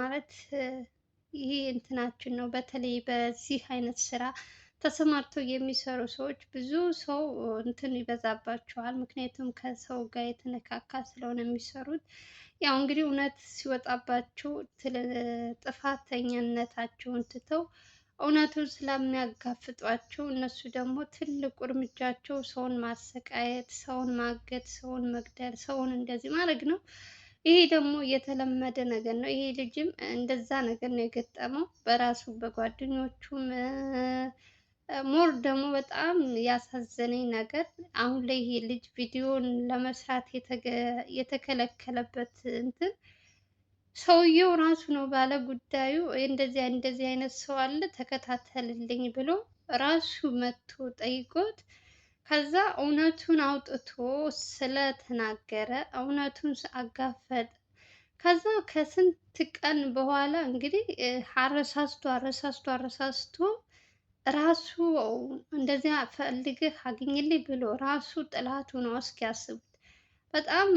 ማለት ይሄ እንትናችን ነው። በተለይ በዚህ አይነት ስራ ተሰማርተው የሚሰሩ ሰዎች ብዙ ሰው እንትን ይበዛባቸዋል። ምክንያቱም ከሰው ጋር የተነካካ ስለሆነ የሚሰሩት ያው እንግዲህ እውነት ሲወጣባቸው ጥፋተኛነታቸውን ትተው እውነቱን ስለሚያጋፍጧቸው እነሱ ደግሞ ትልቁ እርምጃቸው ሰውን ማሰቃየት፣ ሰውን ማገት፣ ሰውን መግደል፣ ሰውን እንደዚህ ማድረግ ነው። ይሄ ደግሞ የተለመደ ነገር ነው። ይሄ ልጅም እንደዛ ነገር ነው የገጠመው በራሱ በጓደኞቹም። ሞር ደግሞ በጣም ያሳዘነኝ ነገር አሁን ላይ ይሄ ልጅ ቪዲዮን ለመስራት የተከለከለበት እንትን ሰውየው ራሱ ነው ባለ ጉዳዩ እንደዚህ እንደዚህ አይነት ሰው አለ ተከታተልልኝ ብሎ ራሱ መጥቶ ጠይቆት ከዛ እውነቱን አውጥቶ ስለተናገረ እውነቱን አጋፈጠ። ከዛ ከስንት ቀን በኋላ እንግዲህ አረሳስቶ አረሳስቶ አረሳስቶ ራሱ እንደዚያ ፈልግህ አግኝልኝ ብሎ ራሱ ጥላቱ ነው። እስኪ ያስቡት። በጣም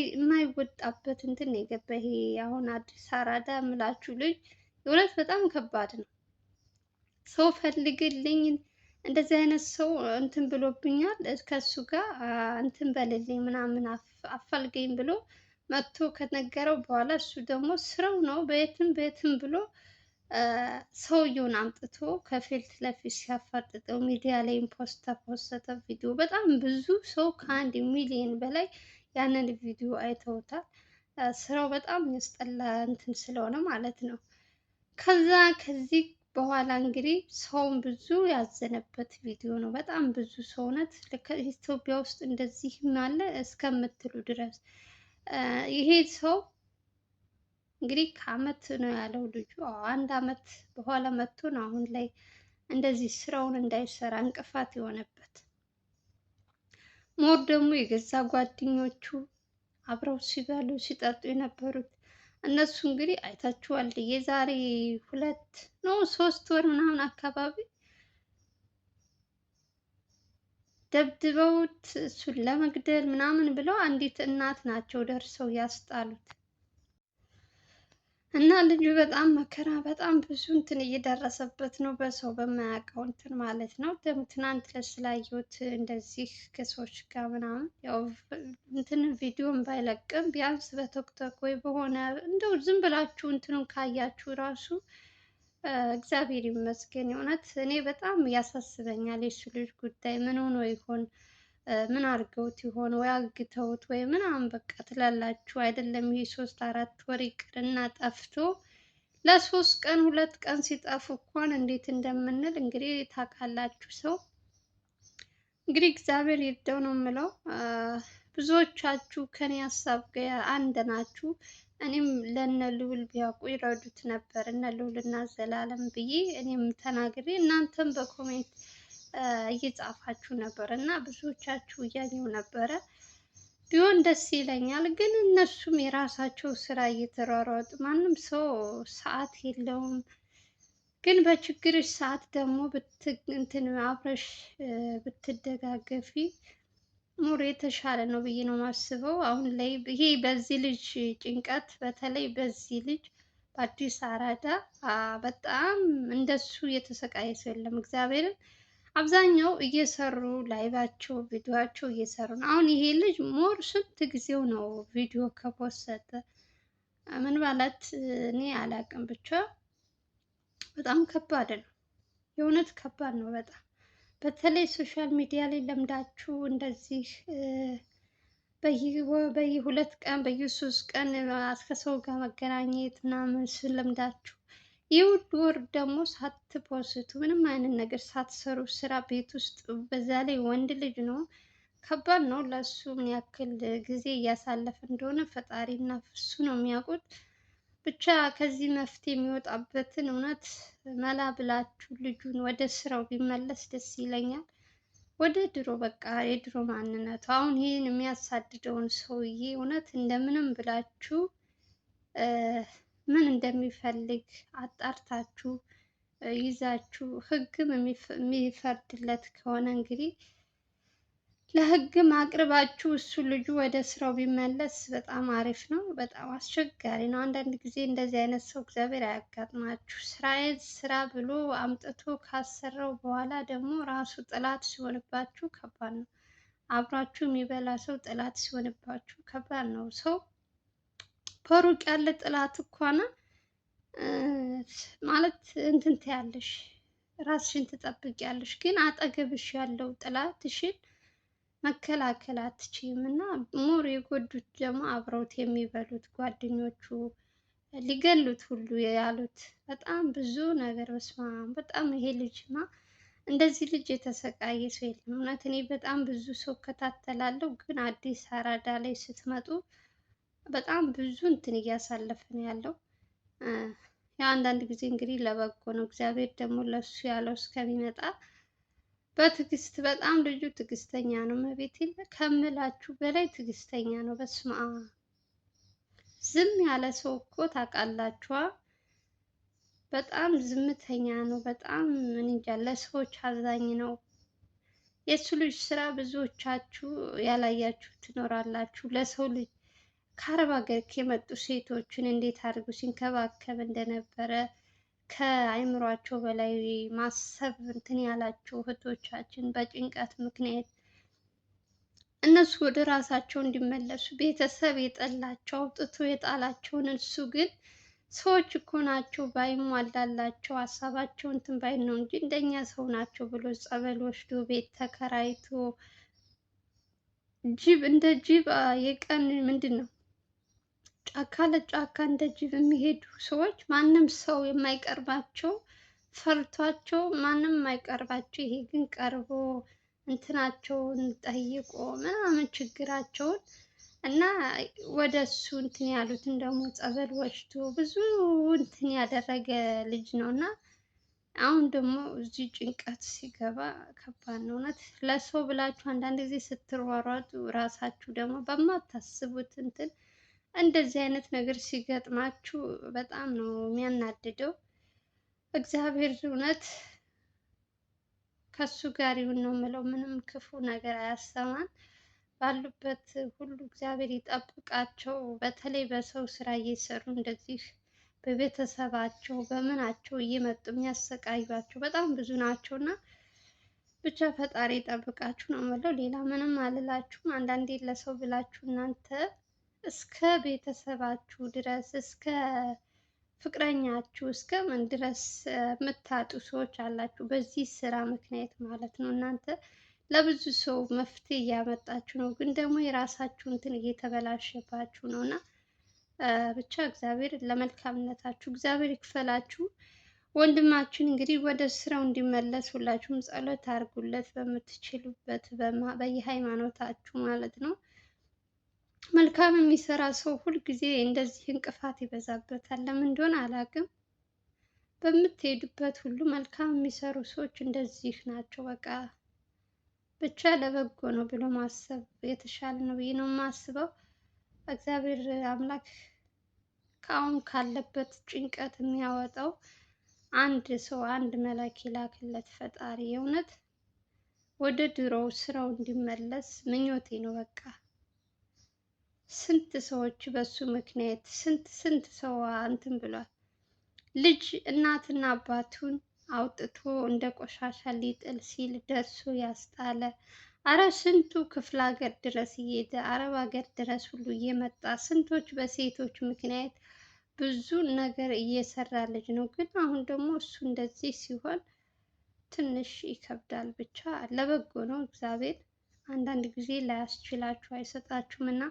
የማይወጣበት እንትን የገባ ይሄ አሁን አዲስ አራዳ ምላችሁ ልጅ እውነት በጣም ከባድ ነው። ሰው ፈልግልኝ እንደዚህ አይነት ሰው እንትን ብሎብኛል ከሱ ጋር እንትን በልልኝ ምናምን አፈልገኝ ብሎ መጥቶ ከነገረው በኋላ እሱ ደግሞ ስራው ነው በየትም በየትም ብሎ ሰውየውን አምጥቶ ከፊት ለፊት ሲያፋጥጠው ሚዲያ ላይ ፖስት ተፖሰተ ቪዲዮ። በጣም ብዙ ሰው ከአንድ ሚሊዮን በላይ ያንን ቪዲዮ አይተውታል። ስራው በጣም ያስጠላ እንትን ስለሆነ ማለት ነው። ከዛ ከዚህ በኋላ እንግዲህ ሰውን ብዙ ያዘነበት ቪዲዮ ነው። በጣም ብዙ ሰው እውነት ኢትዮጵያ ውስጥ እንደዚህ አለ እስከምትሉ ድረስ ይሄ ሰው እንግዲህ ከአመት ነው ያለው ልጁ። አንድ አመት በኋላ መጥቶ ነው አሁን ላይ እንደዚህ ስራውን እንዳይሰራ እንቅፋት የሆነበት። ሞር ደግሞ የገዛ ጓደኞቹ አብረው ሲበሉ ሲጠጡ የነበሩት እነሱ እንግዲህ አይታችኋል። የዛሬ ሁለት ነው ሶስት ወር ምናምን አካባቢ ደብድበውት እሱን ለመግደል ምናምን ብለው አንዲት እናት ናቸው ደርሰው ያስጣሉት። እና ልጁ በጣም መከራ በጣም ብዙ እንትን እየደረሰበት ነው፣ በሰው በማያውቀው እንትን ማለት ነው። ደግሞ ትናንት ለስላየሁት እንደዚህ ከሰዎች ጋር ምናምን ያው እንትን ቪዲዮን ባይለቅም ቢያንስ በቶክቶክ ወይ በሆነ እንደው ዝም ብላችሁ እንትኑን ካያችሁ ራሱ እግዚአብሔር ይመስገን። የእውነት እኔ በጣም ያሳስበኛል የሱ ልጅ ጉዳይ ምን ሆኖ ይሆን? ምን አድርገውት ይሆን ወይ አግተውት ወይ ምናምን በቃ ትላላችሁ አይደለም። ይህ ሶስት አራት ወር ይቅርና ጠፍቶ ለሶስት ቀን ሁለት ቀን ሲጠፉ እንኳን እንዴት እንደምንል እንግዲህ ታውቃላችሁ። ሰው እንግዲህ እግዚአብሔር ይርዳው ነው የምለው። ብዙዎቻችሁ ከኔ ሀሳብ ጋር አንድ ናችሁ። እኔም ለነ ልውል ቢያውቁ ይረዱት ነበር እነ ልዑልና ዘላለም ብዬ እኔም ተናግሬ እናንተም በኮሜንት እየጻፋችሁ ነበር እና ብዙዎቻችሁ እያየው ነበረ። ቢሆን ደስ ይለኛል፣ ግን እነሱም የራሳቸው ስራ እየተሯሯጡ ማንም ሰው ሰዓት የለውም። ግን በችግርሽ ሰዓት ደግሞ እንትን አብረሽ ብትደጋገፊ ሙር የተሻለ ነው ብዬ ነው የማስበው። አሁን ላይ ይሄ በዚህ ልጅ ጭንቀት፣ በተለይ በዚህ ልጅ በአዲስ አራዳ በጣም እንደሱ የተሰቃየ ሰው የለም እግዚአብሔርን አብዛኛው እየሰሩ ላይቫቸው ቪዲዮቸው እየሰሩ ነው። አሁን ይሄ ልጅ ሞር ስንት ጊዜው ነው ቪዲዮ ከፖሰተ ምን ማለት እኔ አላውቅም። ብቻ በጣም ከባድ ነው፣ የእውነት ከባድ ነው በጣም በተለይ ሶሻል ሚዲያ ላይ ለምዳችሁ እንደዚህ በየሁለት ቀን በየሶስት ቀን ከሰው ጋር መገናኘት ምናምን ስለምዳችሁ ይውድ ወር ደግሞ ሳትፖስቱ ምንም አይነት ነገር ሳትሰሩ ስራ ቤት ውስጥ በዛ ላይ ወንድ ልጅ ነው፣ ከባድ ነው ለሱ ምን ያክል ጊዜ እያሳለፈ እንደሆነ ፈጣሪና እሱ ነው የሚያውቁት። ብቻ ከዚህ መፍትሄ የሚወጣበትን እውነት መላ ብላችሁ ልጁን ወደ ስራው ቢመለስ ደስ ይለኛል። ወደ ድሮ በቃ የድሮ ማንነቱ አሁን ይህን የሚያሳድደውን ሰውዬ እውነት እንደምንም ብላችሁ ምን እንደሚፈልግ አጣርታችሁ ይዛችሁ ህግም የሚፈርድለት ከሆነ እንግዲህ ለህግም አቅርባችሁ እሱ ልጁ ወደ ስራው ቢመለስ በጣም አሪፍ ነው። በጣም አስቸጋሪ ነው። አንዳንድ ጊዜ እንደዚህ አይነት ሰው እግዚአብሔር አያጋጥማችሁ። ስራዬን ስራ ብሎ አምጥቶ ካሰራው በኋላ ደግሞ ራሱ ጥላት ሲሆንባችሁ ከባድ ነው። አብሯችሁ የሚበላ ሰው ጥላት ሲሆንባችሁ ከባድ ነው ሰው በሩቅ ያለ ጥላት እኳና ማለት እንትን ትያለሽ፣ ራስሽን ትጠብቂያለሽ። ግን አጠገብሽ ያለው ጥላትሽን መከላከል አትችይም እና ሞር የጎዱት ደግሞ አብረውት የሚበሉት ጓደኞቹ ሊገሉት ሁሉ ያሉት በጣም ብዙ ነገር በስማ በጣም ይሄ ልጅማ እንደዚህ ልጅ የተሰቃየ ሰው የለም። እውነት እኔ በጣም ብዙ ሰው እከታተላለሁ፣ ግን አዲስ አራዳ ላይ ስትመጡ በጣም ብዙ እንትን እያሳለፍን ያለው የአንዳንድ ጊዜ እንግዲህ ለበጎ ነው። እግዚአብሔር ደግሞ ለሱ ያለው እስከሚመጣ በትዕግስት በጣም ልጁ ትዕግስተኛ ነው። መቤቴን ከምላችሁ በላይ ትዕግስተኛ ነው። በስመ አብ ዝም ያለ ሰው እኮ ታውቃላችኋ፣ በጣም ዝምተኛ ነው። በጣም ምን እንጃ ለሰዎች አዛኝ ነው። የእሱ ልጅ ስራ ብዙዎቻችሁ ያላያችሁ ትኖራላችሁ። ለሰው ልጅ ከአረብ ሀገር ከመጡ ሴቶችን እንዴት አድርጎ ሲንከባከብ እንደነበረ ከአይምሯቸው በላይ ማሰብ እንትን ያላቸው እህቶቻችን በጭንቀት ምክንያት እነሱ ወደ ራሳቸው እንዲመለሱ ቤተሰብ የጠላቸው አውጥቶ የጣላቸውን እሱ ግን ሰዎች እኮ ናቸው ባይሟላላቸው ሀሳባቸው እንትን ባይ ነው እንጂ እንደኛ ሰው ናቸው ብሎ ጸበል ወስዶ ቤት ተከራይቶ ጅብ እንደ ጅብ የቀን ምንድን ነው ጫካ ለጫካ እንደ ጅብ የሚሄዱ ሰዎች ማንም ሰው የማይቀርባቸው ፈርቷቸው ማንም የማይቀርባቸው፣ ይሄ ግን ቀርቦ እንትናቸውን ጠይቆ ምናምን ችግራቸውን እና ወደ እሱ እንትን ያሉትን ደግሞ ጸበል ወስዶ ብዙ እንትን ያደረገ ልጅ ነው እና አሁን ደግሞ እዚህ ጭንቀት ሲገባ ከባድ ነው እውነት። ለሰው ብላችሁ አንዳንድ ጊዜ ስትሯሯጡ ራሳችሁ ደግሞ በማታስቡት እንትን እንደዚህ አይነት ነገር ሲገጥማችሁ በጣም ነው የሚያናድደው። እግዚአብሔር እውነት ከሱ ጋር ይሁን ነው የምለው። ምንም ክፉ ነገር አያሰማን። ባሉበት ሁሉ እግዚአብሔር ይጠብቃቸው። በተለይ በሰው ስራ እየሰሩ እንደዚህ በቤተሰባቸው በምናቸው እየመጡ የሚያሰቃዩቸው በጣም ብዙ ናቸው እና ብቻ ፈጣሪ ይጠብቃችሁ ነው የምለው። ሌላ ምንም አልላችሁም። አንዳንዴ ለሰው ብላችሁ እናንተ እስከ ቤተሰባችሁ ድረስ እስከ ፍቅረኛችሁ እስከ ምን ድረስ የምታጡ ሰዎች አላችሁ። በዚህ ስራ ምክንያት ማለት ነው። እናንተ ለብዙ ሰው መፍትሄ እያመጣችሁ ነው፣ ግን ደግሞ የራሳችሁ እንትን እየተበላሸባችሁ ነው እና ብቻ እግዚአብሔር ለመልካምነታችሁ እግዚአብሔር ይክፈላችሁ። ወንድማችን እንግዲህ ወደ ስራው እንዲመለስ ሁላችሁም ጸሎት አድርጉለት በምትችሉበት በየሃይማኖታችሁ ማለት ነው። መልካም የሚሰራ ሰው ሁልጊዜ እንደዚህ እንቅፋት ይበዛበታል። ለምን እንደሆነ አላውቅም። በምትሄዱበት ሁሉ መልካም የሚሰሩ ሰዎች እንደዚህ ናቸው። በቃ ብቻ ለበጎ ነው ብሎ ማሰብ የተሻለ ነው ብዬ ነው የማስበው። እግዚአብሔር አምላክ ከአሁን ካለበት ጭንቀት የሚያወጣው አንድ ሰው አንድ መላክ ይላክለት ፈጣሪ። የእውነት ወደ ድሮው ስራው እንዲመለስ ምኞቴ ነው በቃ ስንት ሰዎች በሱ ምክንያት ስንት ስንት ሰው እንትን ብሏል። ልጅ እናትና አባቱን አውጥቶ እንደ ቆሻሻ ሊጥል ሲል ደርሶ ያስጣለ። አረ ስንቱ ክፍለ ሀገር ድረስ እየሄደ አረብ ሀገር ድረስ ሁሉ እየመጣ ስንቶች በሴቶች ምክንያት ብዙ ነገር እየሰራ ልጅ ነው። ግን አሁን ደግሞ እሱ እንደዚህ ሲሆን ትንሽ ይከብዳል። ብቻ ለበጎ ነው። እግዚአብሔር አንዳንድ ጊዜ ላያስችላችሁ አይሰጣችሁም እና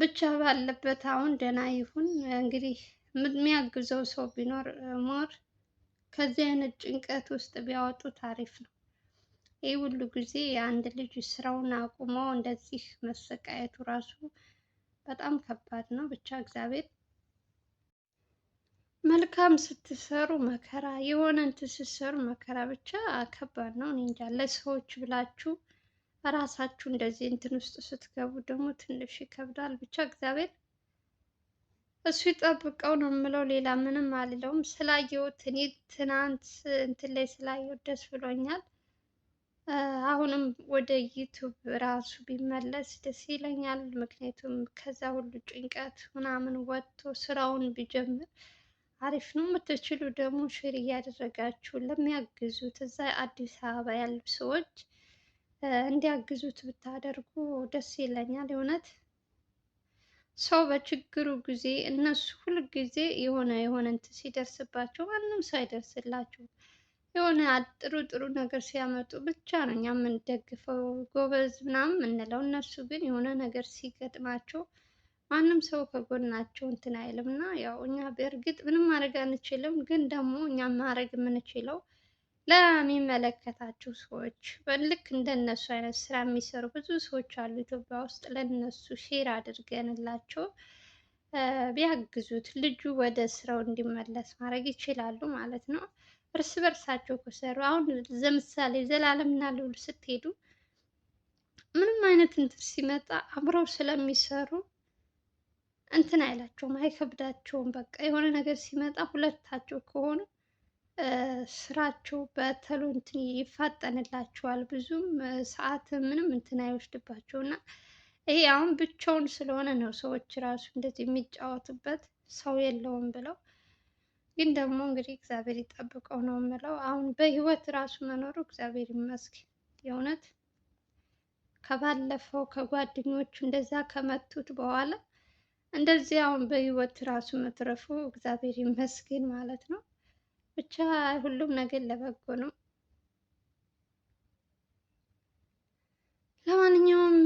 ብቻ ባለበት አሁን ደህና ይሁን። እንግዲህ የሚያግዘው ሰው ቢኖር ሞር ከዚህ አይነት ጭንቀት ውስጥ ቢያወጡት አሪፍ ነው። ይህ ሁሉ ጊዜ አንድ ልጅ ስራውን አቁሞ እንደዚህ መሰቃየቱ ራሱ በጣም ከባድ ነው። ብቻ እግዚአብሔር መልካም ስትሰሩ መከራ፣ የሆነ እንትን ስትሰሩ መከራ፣ ብቻ ከባድ ነው። እኔ እንጃ ለሰዎች ብላችሁ ራሳችሁ እንደዚህ እንትን ውስጥ ስትገቡ ደግሞ ትንሽ ይከብዳል። ብቻ እግዚአብሔር እሱ ይጠብቀው ነው የምለው። ሌላ ምንም አልለውም። ስላየሁት እኔ ትናንት እንትን ላይ ስላየሁት ደስ ብሎኛል። አሁንም ወደ ዩቱብ ራሱ ቢመለስ ደስ ይለኛል። ምክንያቱም ከዛ ሁሉ ጭንቀት ምናምን ወጥቶ ስራውን ቢጀምር አሪፍ ነው። የምትችሉ ደግሞ ሽር እያደረጋችሁ ለሚያግዙት እዛ አዲስ አበባ ያሉ ሰዎች እንዲያግዙት ብታደርጉ ደስ ይለኛል። የእውነት ሰው በችግሩ ጊዜ እነሱ ሁል ጊዜ የሆነ የሆነ እንትን ሲደርስባቸው ማንም ሰው አይደርስላቸውም። የሆነ ጥሩ ጥሩ ነገር ሲያመጡ ብቻ ነው እኛ የምንደግፈው ጎበዝ ምናምን የምንለው። እነሱ ግን የሆነ ነገር ሲገጥማቸው ማንም ሰው ከጎናቸው እንትን አይልም እና ያው እኛ በእርግጥ ምንም ማድረግ አንችልም፣ ግን ደግሞ እኛ ማድረግ የምንችለው ለሚመለከታችሁ ሰዎች ልክ እንደነሱ አይነት ስራ የሚሰሩ ብዙ ሰዎች አሉ ኢትዮጵያ ውስጥ። ለነሱ ሼር አድርገንላቸው ቢያግዙት ልጁ ወደ ስራው እንዲመለስ ማድረግ ይችላሉ ማለት ነው። እርስ በርሳቸው ከሰሩ አሁን ለምሳሌ ዘላለምና ልዑል ስትሄዱ ምንም አይነት እንትን ሲመጣ አብረው ስለሚሰሩ እንትን አይላቸውም፣ አይከብዳቸውም። በቃ የሆነ ነገር ሲመጣ ሁለታቸው ከሆኑ ስራቸው በተሎ እንትን ይፋጠንላቸዋል። ብዙም ሰዓት ምንም እንትን አይወስድባቸው እና ይሄ አሁን ብቻውን ስለሆነ ነው ሰዎች ራሱ እንደዚህ የሚጫወቱበት ሰው የለውም ብለው ግን ደግሞ እንግዲህ እግዚአብሔር ይጠብቀው ነው የምለው። አሁን በህይወት ራሱ መኖሩ እግዚአብሔር ይመስገን። የእውነት ከባለፈው ከጓደኞቹ እንደዛ ከመቱት በኋላ እንደዚህ አሁን በህይወት ራሱ መትረፉ እግዚአብሔር ይመስገን ማለት ነው። ብቻ ሁሉም ነገር ለበጎ ነው። ለማንኛውም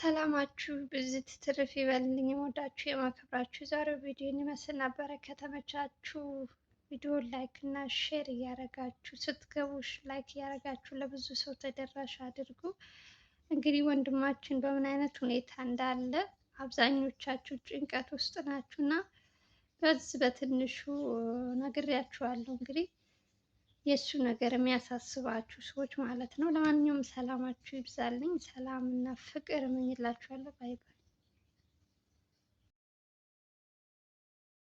ሰላማችሁ ብዝት ትርፍ ይበልልኝ። የምወዳችሁ የማከብራችሁ የዛሬው ቪዲዮ ይመስል ነበረ። ከተመቻችሁ ቪዲዮ ላይክ እና ሼር እያደረጋችሁ ስትገቡ ላይክ እያደረጋችሁ ለብዙ ሰው ተደራሽ አድርጉ። እንግዲህ ወንድማችን በምን አይነት ሁኔታ እንዳለ አብዛኞቻችሁ ጭንቀት ውስጥ ናችሁ እና በዚህ በትንሹ ነግሬያችኋለሁ። እንግዲህ የእሱ ነገር የሚያሳስባችሁ ሰዎች ማለት ነው። ለማንኛውም ሰላማችሁ ይብዛልኝ። ሰላም እና ፍቅር እመኝላችኋለሁ። ባይ ባይ።